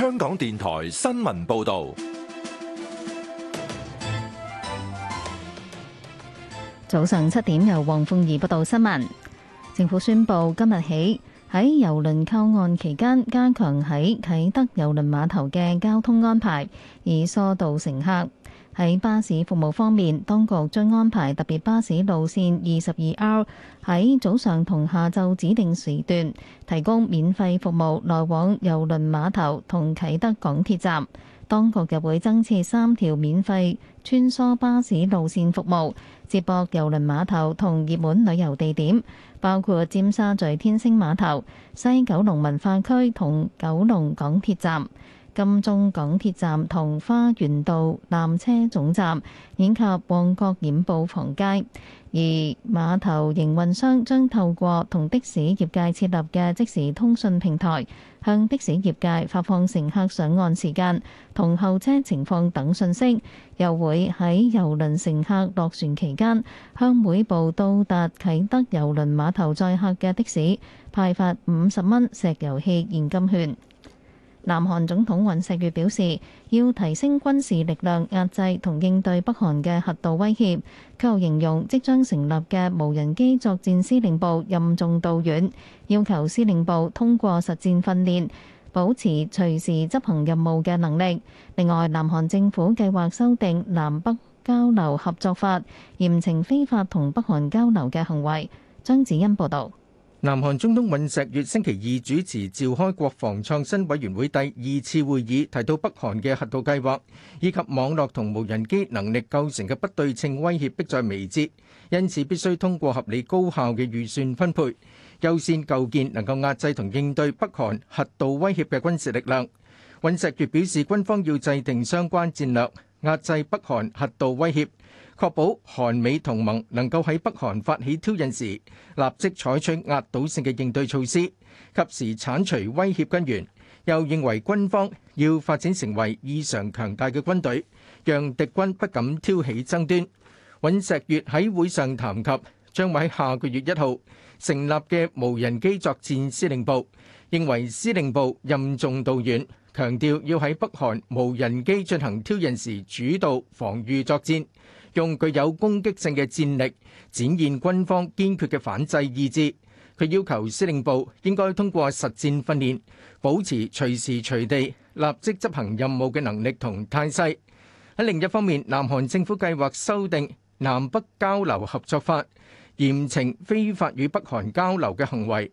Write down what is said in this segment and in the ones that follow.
香港電台新聞報道，早上七點由黃鳳儀報道新聞。政府宣布今日起喺郵輪靠岸期間，加強喺啟德郵輪碼頭嘅交通安排，以疏導乘客。喺巴士服務方面，當局將安排特別巴士路線 22R，喺早上同下晝指定時段提供免費服務，來往郵輪碼頭同啟德港鐵站。當局又會增設三條免費穿梭巴士路線服務，接駁郵輪碼頭同熱門旅遊地點，包括尖沙咀天星碼頭、西九龍文化區同九龍港鐵站、金鐘港鐵站、同花園道纜車總站，以及旺角染布房街。而碼頭營運商將透過同的士業界設立嘅即時通訊平台，向的士業界發放乘客上岸時間、同候車情況等信息。又會喺郵輪乘客落船期間，向每部到達啟德郵輪碼頭載客嘅的，的士派發五十蚊石油氣現金券。南韓總統尹錫悅表示，要提升軍事力量壓制同應對北韓嘅核導威脅。佢又形容即將成立嘅無人機作戰司令部任重道遠，要求司令部通過實戰訓練，保持隨時執行任務嘅能力。另外，南韓政府計劃修訂南北交流合作法，嚴懲非法同北韓交流嘅行為。張子欣報道。南韓總統尹錫悅星期二主持召開國防創新委員會第二次會議，提到北韓嘅核導計劃以及網絡同無人機能力構成嘅不對稱威脅迫在眉睫，因此必須通過合理高效嘅預算分配，優先構建能夠壓制同應對北韓核導威脅嘅軍事力量。尹錫悅表示，軍方要制定相關戰略。壓制北韓核導威脅，確保韓美同盟能夠喺北韓發起挑釁時，立即採取壓倒性嘅應對措施，及時剷除威脅根源。又認為軍方要發展成為異常強大嘅軍隊，讓敵軍不敢挑起爭端。尹錫悅喺會上談及將會喺下個月一號成立嘅無人機作戰司令部，認為司令部任重道遠。強調要喺北韓無人機進行挑釁時主導防禦作戰，用具有攻擊性嘅戰力展現軍方堅決嘅反制意志。佢要求司令部應該通過實戰訓練，保持隨時隨地立即執行任務嘅能力同態勢。喺另一方面，南韓政府計劃修訂南北交流合作法，嚴懲非法與北韓交流嘅行為。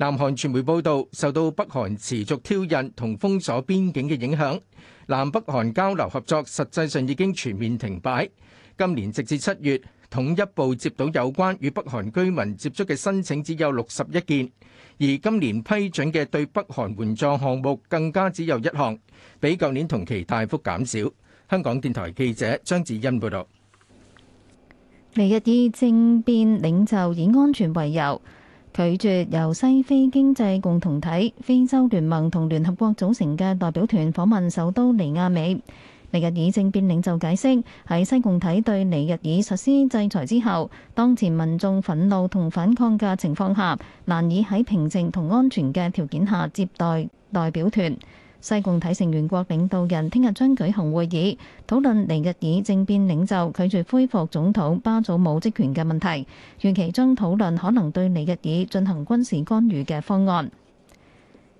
南韓傳媒報道，受到北韓持續挑釁同封鎖邊境嘅影響，南北韓交流合作實際上已經全面停擺。今年直至七月，統一部接到有關與北韓居民接觸嘅申請只有六十一件，而今年批准嘅對北韓援助項目更加只有一項，比舊年同期大幅減少。香港電台記者張子欣報道。尼日爾政變領袖以安全為由，拒絕由西非經濟共同體、非洲聯盟同聯合國組成嘅代表團訪問首都尼亞美。尼日爾政變領袖解釋，喺西共體對尼日爾實施制裁之後，當前民眾憤怒同反抗嘅情況下，難以喺平靜同安全嘅條件下接待代表團。西共體成員國領導人聽日將舉行會議，討論尼日爾政變領袖拒絕恢復總統巴祖姆職權嘅問題，預期將討論可能對尼日爾進行軍事干預嘅方案。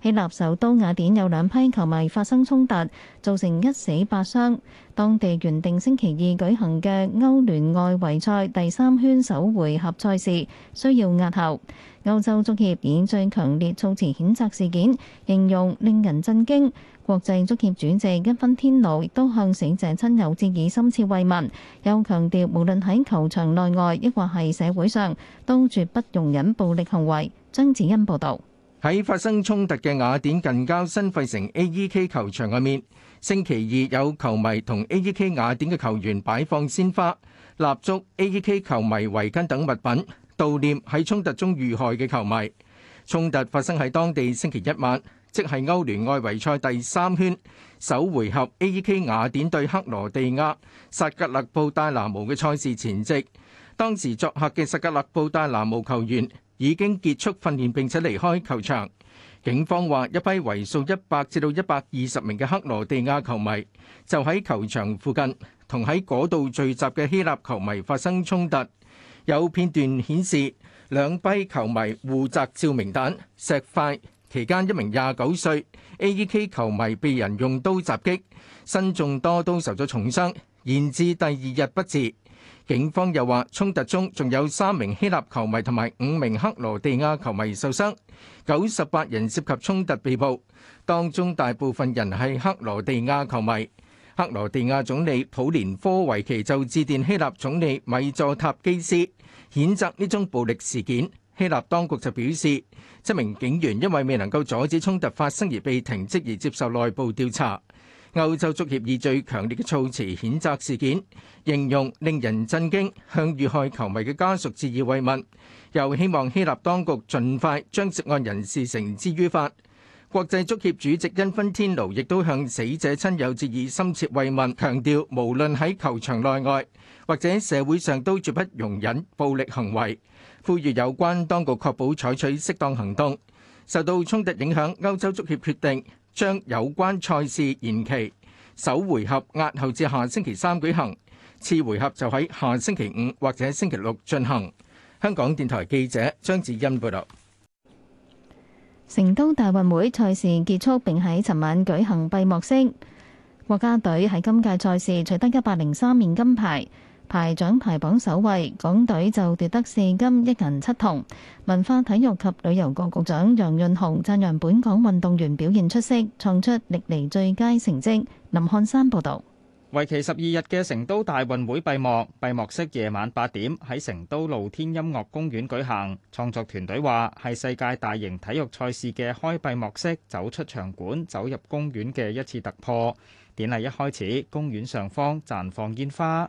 希臘首都雅典有兩批球迷發生衝突，造成一死八傷，當地原定星期二舉行嘅歐聯外圍賽第三圈首回合賽事需要押後，歐洲足協以最強烈措辭譴責事件，形容令人震驚，國際足協主席一分天奴亦都向死者親友致以深切慰問，又強調無論喺球場內外，抑或係社會上，都絕不容忍暴力行為，張子欣報道。喺發生衝突嘅雅典近郊新費城 A.E.K 球場下面，星期二有球迷同 A.E.K 雅典嘅球員擺放鮮花、蠟燭、A.E.K 球迷圍巾等物品，悼念喺衝突中遇害嘅球迷。衝突發生喺當地星期一晚，即係歐聯外圍賽第三圈首回合 A.E.K 雅典對克羅地亞薩格勒布戴拿姆嘅賽事前夕。當時作客嘅薩格勒布戴拿姆球員已經結束訓練並且離開球場。警方話，一批為數一百至到一百二十名嘅克羅地亞球迷就喺球場附近，同喺嗰度聚集嘅希臘球迷發生衝突。有片段顯示兩批球迷互砸照明彈、石塊。期間一名廿九歲 AEK 球迷被人用刀襲擊，身中多刀受咗重傷，延至第二日不治。警方又話，衝突中仲有三名希臘球迷同埋五名克羅地亞球迷受傷，九十八人涉及衝突被捕，當中大部分人係克羅地亞球迷。克羅地亞總理普連科維奇就致電希臘總理米佐塔基斯，譴責呢宗暴力事件。希臘當局就表示，一名警員因為未能夠阻止衝突發生而被停職而接受內部調查。歐洲足協以最強烈嘅措辭譴責事件，形容令人震驚，向遇害球迷嘅家屬致以慰問，又希望希臘當局盡快將涉案人士繩之於法。國際足協主席因芬天奴亦都向死者親友致以深切慰問，強調無論喺球場內外或者社會上都絕不容忍暴力行為，呼籲有關當局確保採取適當行動。受到衝突影響，歐洲足協決定，將有關賽事延期，首回合押後至下星期三舉行，次回合就喺下星期五或者星期六進行。香港電台記者張子欣報道：成都大運會賽事結束，並喺尋晚舉行閉幕式。國家隊喺今屆賽事取得一百零三面金牌。排獎排榜首位，港隊就奪得四金一銀七銅。文化體育及旅遊局局長楊潤雄讚揚本港運動員表現出色，創出歷嚟最佳成績。林漢山報導。為期十二日嘅成都大運會閉幕，閉幕式夜晚八點喺成都露天音樂公園舉行。創作團隊話係世界大型體育賽事嘅開閉幕式，走出場館、走入公園嘅一次突破。典禮一開始，公園上方綻放煙花。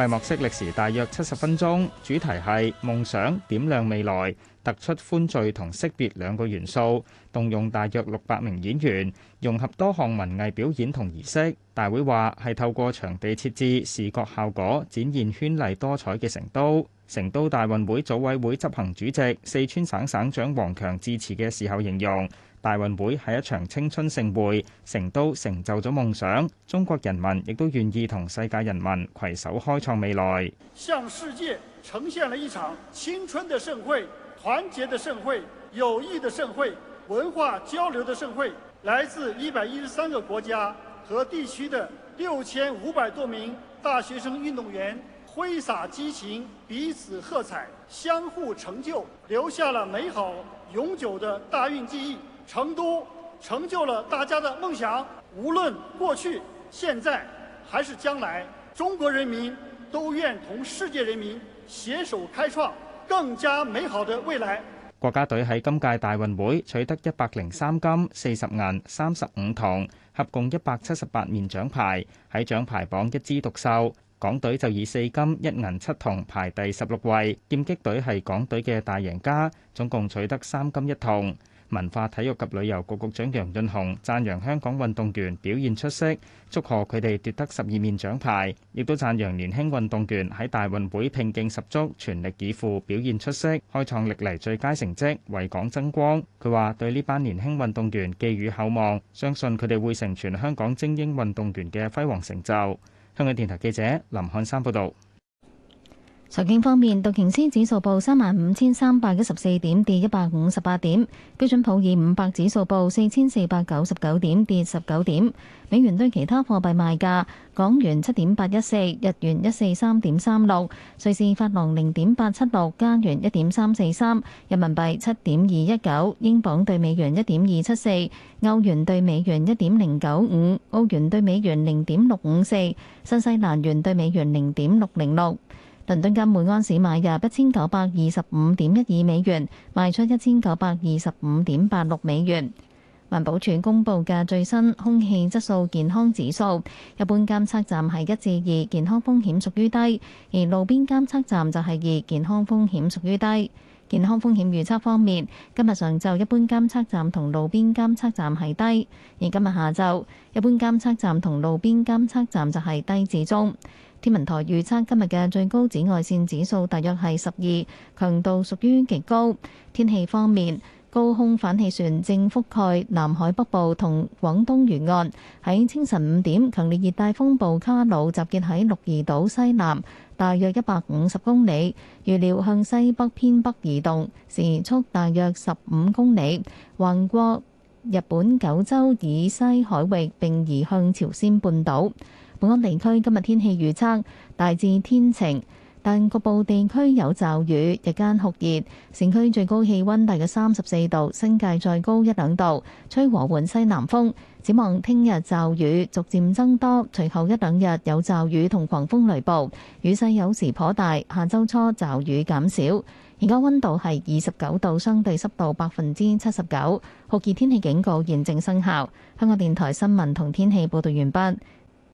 閉幕式歷時大約七十分鐘，主題係夢想點亮未來，突出歡聚同惜別兩個元素，動用大約六百名演員，融合多項文藝表演同儀式。大會話係透過場地設置、視覺效果展現絢麗多彩嘅成都。成都大運會組委會執行主席、四川省省長王強致辭嘅時候形容。大運會係一場青春盛會，成都成就咗夢想，中國人民亦都願意同世界人民攜手開創未來，向世界呈現了一場青春的盛會、團結的盛會、友誼的盛會、文化交流的盛會。來自一百一十三個國家和地區的六千五百多名大學生運動員，揮灑激情，彼此喝彩，相互成就，留下了美好永久的大運記憶。成都成就了大家的夢想，無論過去、現在還是將來，中國人民都願同世界人民攜手開創更加美好的未來。國家隊喺今屆大運會取得一百零三金、四十銀、三十五銅，合共一百七十八面獎牌，喺獎牌榜一枝獨秀。港隊就以四金一銀七銅排第十六位。劍擊隊係港隊嘅大贏家，總共取得三金一銅。文化、體育及旅遊局局長楊潤雄讚揚香港運動員表現出色，祝賀佢哋奪得十二面獎牌，亦都讚揚年輕運動員喺大運會拼勁十足、全力以赴表現出色，開創歷嚟最佳成績，為港爭光。佢話對呢班年輕運動員寄予厚望，相信佢哋會成全香港精英運動員嘅輝煌成就。香港電台記者林漢山報道。財經方面，道瓊斯指數報三萬五千三百一十四點，跌一百五十八點；標準普爾五百指數報四千四百九十九點，跌十九點。美元對其他貨幣賣價：港元七點八一四，日元一四三點三六，瑞士法郎零點八七六，加元一點三四三，人民幣七點二一九，英鎊對美元一點二七四，歐元對美元一點零九五，澳元對美元零點六五四，新西蘭元對美元零點六零六。倫敦金每安士買入一千九百二十五點一二美元，賣出一千九百二十五點八六美元。環保署公布嘅最新空氣質素健康指數，一般監測站係一至二，健康風險屬於低；而路邊監測站就係二，健康風險屬於低。健康風險預測方面，今日上晝一般監測站同路邊監測站係低，而今日下晝一般監測站同路邊監測站就係低至中。天文台預測今日嘅最高紫外線指數大約係十二，強度屬於極高。天氣方面，高空反氣旋正覆蓋南海北部同廣東沿岸。喺清晨五點，強烈熱帶風暴卡努集結喺鹿兒島西南，大約一百五十公里，預料向西北偏北移動，時速大約十五公里，橫過日本九州以西海域，並移向朝鮮半島。本港地區今日天氣預測，大致天晴，但局部地區有驟雨。日間酷熱，城區最高氣溫大約三十四度，新界再高一兩度，吹和緩西南風，展望聽日驟雨逐漸增多，隨後一兩日有驟雨同狂風雷暴，雨勢有時頗大。下週初驟雨減少。而家溫度係二十九度，相對濕度百分之七十九，酷熱天氣警告現正生效。香港電台新聞同天氣報道完畢。